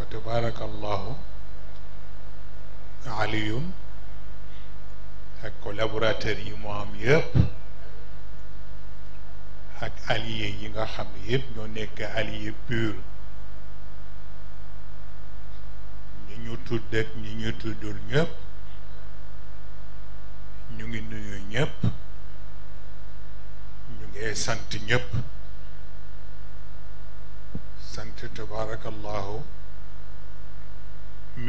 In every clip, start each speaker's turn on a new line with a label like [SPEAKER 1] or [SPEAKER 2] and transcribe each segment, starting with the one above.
[SPEAKER 1] wa tabaaraka allahu aliyun ak collaborateur yi mu am ak allié yi nga xam yëpp ñoo nekk allié pur ñi ñu tudd ak ñi ñu tuddul ñëpp ñu ngi nuyu ñëpp sant ñëpp sant tabaarakallahu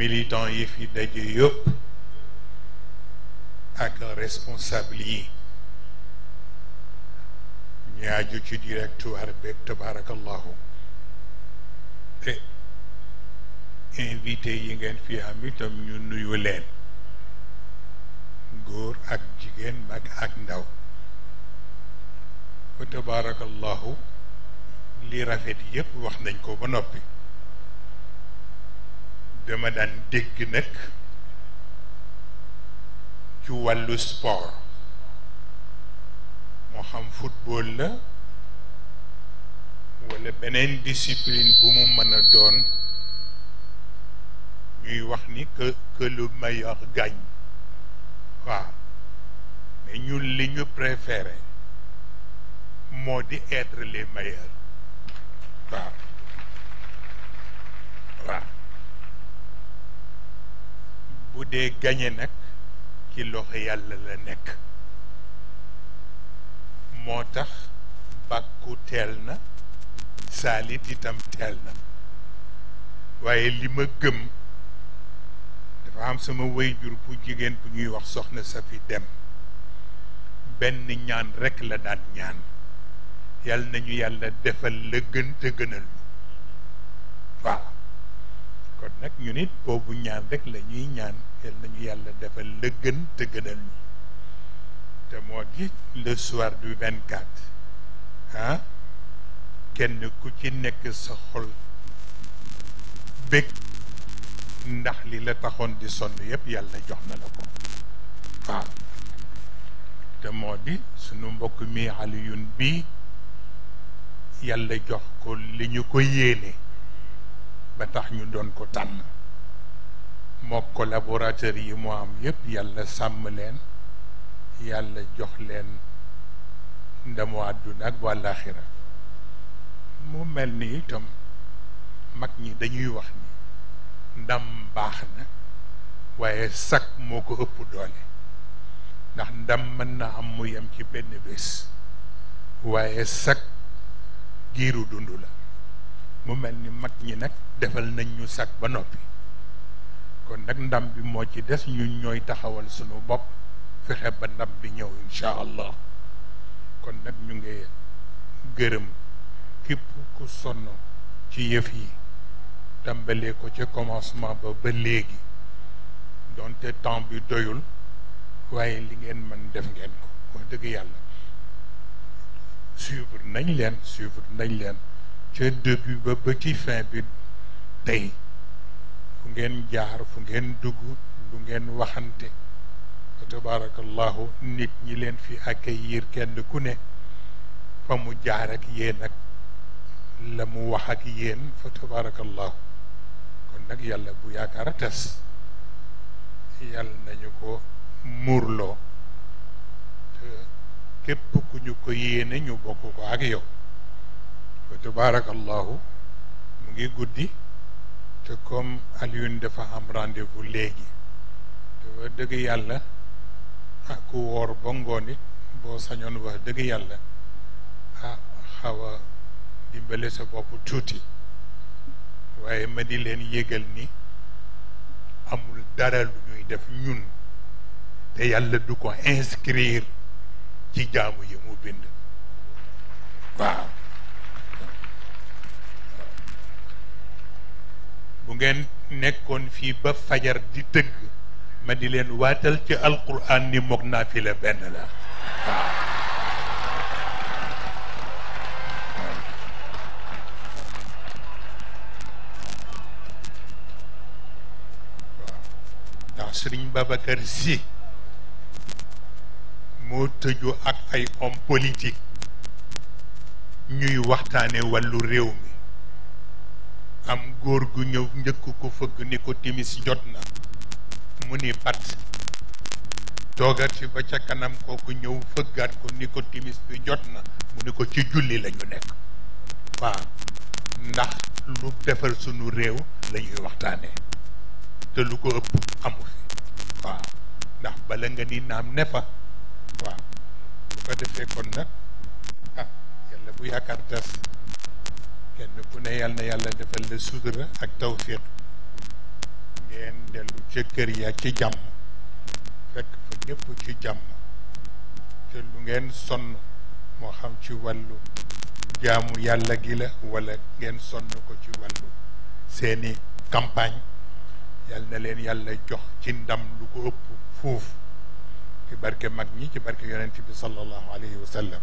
[SPEAKER 1] militant yi fi daje yëpp ak responsable yi ñu ci directoire beeg tabaarakallahu invité yi ngeen fi am itam ñu nuyu leen góor ak jigéen mag ak ndaw tabaarakallahu li rafet yépp wax nañ ko ba noppi dama daan dégg nag ci wàllu sport moo xam football la walla beneen discipline bu mu mën a doon ñuy wax ni que que le meilleur waaw mais ñun li ñu préféré moo di être les meilleurs waaw waaw bu dee gañe nag ci loxo yàlla la nekk moo tax bàkku teel na saalit itam teel na waaye li ma gëm dafa am sama wayjur bu jigéen bu ñuy wax soxna sa fi dem benn ñaan rekk la daan ñaan yàlla nañu yàlla defal la gën te gënal waaw kon nag ñu nit boobu ñaan rek la ñuy ñaan yàlla nañu yàlla defal la gën te gënal ñu te moo di la soir du 24 ah kenn ku ci nekk sa xol bég ndax li la taxoon di sonn yépp yàlla jox na la ko waaw te moo di sunu mbokk mi Alioune bii yàlla jox ko li ñu ko yéene ba tax ñu doon ko tànn moo collaborateur yi moo am yépp yàlla sàmm leen yàlla jox leen ndamu àdduna ak wàllaaxira mu mel ni itam mag ñi dañuy wax ni ndam baax na waaye sag moo ko ëpp doole ndax ndam mën na am mu yem ci benn bés waaye sag giiru dund la mu mel ni mag ñi nag defal nañ ñu sag ba noppi kon nag ndam bi moo ci des ñun ñooy taxawal suñu bopp fexe ba ndam bi ñëw incha allah kon nag ñu ngi gërëm képp ku sonn ci yëf yi tàmbalee ko ca commencement ba ba léegi doonte temps bi doyul waaye li ngeen mën def ngeen ko wax dëgg yàlla suivre nañ leen suivre nañ leen ca début ba ba ci fin bi tey fu ngeen jaar fu ngeen dugg lu ngeen waxante tabaarakallahu nit ñi leen fi yiir kenn ku ne fa mu jaar ak yéen ak la mu wax ak yéen fa tabaarakallahu kon nag yàlla bu yaakaar a tas yàlla nañu ko muurloo képp ku ñu ko yéene ñu bokk ko ak yow fa tabarakallahu mu ngi guddi te comme Alioune dafa am rendez-vous léegi te wax dëgg yàlla ah ku woor ba ngoon boo sañoon wax dëgg yàlla a ah, xaw a dimbale sa bopp tuuti waaye ma di leen yégal ni amul dara lu ñuy def ñun te yàlla du ko inscrire ci jaamu yi mu bind waaw bu ngeen nekkoon fii ba fajar di tëgg ma di leen waatal ci alquran ni moog naa fi la benn la waaw ndax sëriñ Babacar Si dañoo tëju ak ay homme politique ñuy waxtaane wallu réew mi am góor gu ñëw njëkk ko fëgg ni ko timis jot na mu ni pat toogati ba ca kanam kooku ñëw fëggaat ko ni ko timis bi jot na mu ni ko ci julli lañu nekk waaw ndax lu defar sunu réew la waxtaane waxtaanee te lu ko ëpp amu fi ndax bala nga ni naam ne fa waaw bu ko defee kon nag ah bu yaakaar kenn ku ne yàlla yàlla defal la sutura ak tawfiq ngeen dellu ca kër ya ci jàmm fekk fa ñëpp ci jàmm te lu ngeen sonn moo xam ci wàllu jaamu yàlla gi la wala ngeen sonn ko ci wàllu seeni campagne yàlla na leen yàlla jox ci ndam lu ko ëpp fuuf barke mag ñi ci barke yonent bi sallallahu alayhi wa sallam